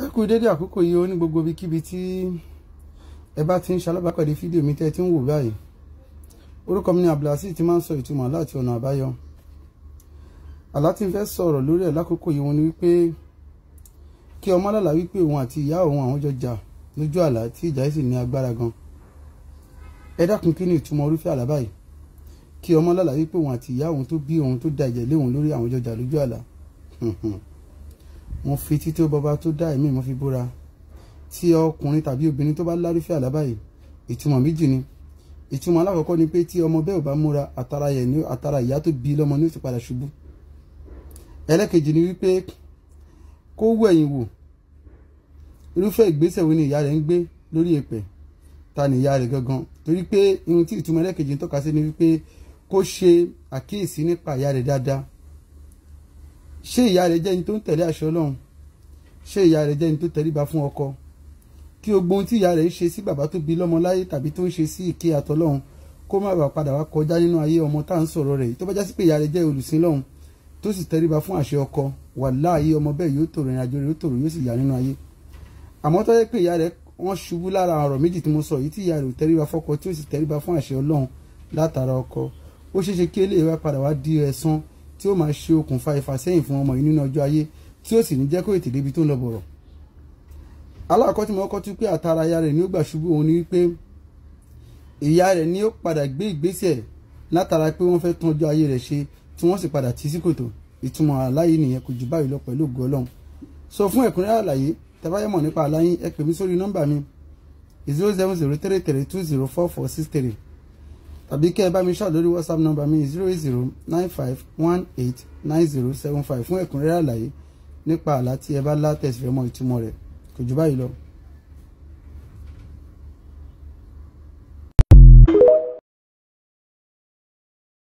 ẹ kú dédé àkókò yìí ó ní gbogbo ibikíbi tí ẹ bá ti ń ṣalábàápàdé fídíò mi tẹ́ ti ń wò báyìí orúkọ mi ni Abdulhasis ti máa ń sọ ìtumọ̀ láti ọ̀nà àbáyọ àlá tí n fẹ́ sọ̀rọ̀ lórí ẹ̀ lákòókò yìí wọn ni wípé kí ọmọ lálà wípé òun àti ìyá òun àwọn jọ jà lójú àlá tí ìjà yìí sì ní agbára gan ẹ dákun kí ni ìtumọ̀ orúfẹ́ àlá báyìí kí ọmọ lálà wípé òun àti ìyá òun tó bí òun tó da ìjẹ́ lé òun lórí àwọn jọ lójú àlá mo fi títí ó bọba tó dá ẹ̀mí mo fi búra tí ọkùnrin tàbí obìnrin tó bá lárúfẹ́ àlá báyìí ìtumọ̀ méjì ni ìtumọ̀ alákọ̀ọ́kọ́ ni pé tí ọmọ bẹ́ẹ̀ ò bá múra àtàrà yẹ̀ ní àtàrà ìyá tó bí lọ́mọ ní ó ti padà ṣubú ẹlẹ́kejì ni wípé kó wú ẹ̀yìn wò irúfẹ́ ìgbésẹ̀ wo ni ìyá rẹ̀ ń gbé lórí èpẹ̀ ta ni ìyá rẹ̀ gangan torí pé irun tí ìtumọ̀ ẹlẹ́kejì ń tọ́ka sí ni wípé kó ṣe àkíyèsí nípa ìyá rẹ̀ dáadáa ṣé ìyá rẹ̀ jẹ́ ẹni tó ń tẹ̀lé àṣẹ ọlọ́run ṣé ìyá rẹ̀ jẹ́ ẹni tó tẹríba fún ọkọ kí gbogbo ohun tí ìyá rẹ̀ ń ṣe sí bàbá tó bí lọ́mọ láyé tàbí tó ń ṣe sí ìké àtọlọ́run kó má bàa padà wá kọjá nínú ayé ọmọ tá à ń sọ̀rọ̀ rẹ̀ tó bá já sí pé ìyá rẹ̀ jẹ́ olùsìn lọ́hùn tó sì tẹríba fún àṣẹ ọkọ wàláhì ọmọ bẹ́ẹ̀ yóò tòrò ìrìnàjò rẹ̀ yóò tòrò yóò sì yá nínú ayé àmọ́ tó jẹ́ pé ìyá rẹ̀ wọ́n ṣubú lára ọ̀rọ̀ méjì tí mo sọ yìí tí ìyá rẹ̀ ò tí ó máa ṣe okùnfà ìfàsẹ́yìn fún ọmọ yìí nínú ọjọ́ ayé tí ó sì ní jẹ́ kó ètè débi tó ń lọ bọ̀rọ̀ alákọ̀ọ́ tí mo kọ́ tún pé àtàrà ìyá rẹ̀ ni ó gbà ṣubú òun ni wípé ìyá rẹ̀ ni ó padà gbé ìgbésẹ̀ látara pé wọ́n fẹ́ tún ọjọ́ ayé rẹ̀ ṣe tí wọ́n sì padà tì sí kòtò ìtumọ̀ aláyé nìyẹn kò jù báyìí lọ pẹ̀lú ògo ọlọ́run sọ fún ẹ̀kúnrẹ́rẹ́ àlàyé tẹ́fáyẹ́mọ̀ nípa àlàyé ẹ pè mí sórí nọ́mbà mi zero seven zero three three two zero four four six three tàbí kẹ́ ẹ bá mi ṣáà lórí whatsapp number mi zero eight zero nine five one eight nine zero seven five fún ẹ̀kúnrẹ́rẹ́ àlàyé nípa àlá tí ẹ bá lá tẹ̀sífẹ́ mọ ìtumọ̀ rẹ̀ kò jù báyìí lọ.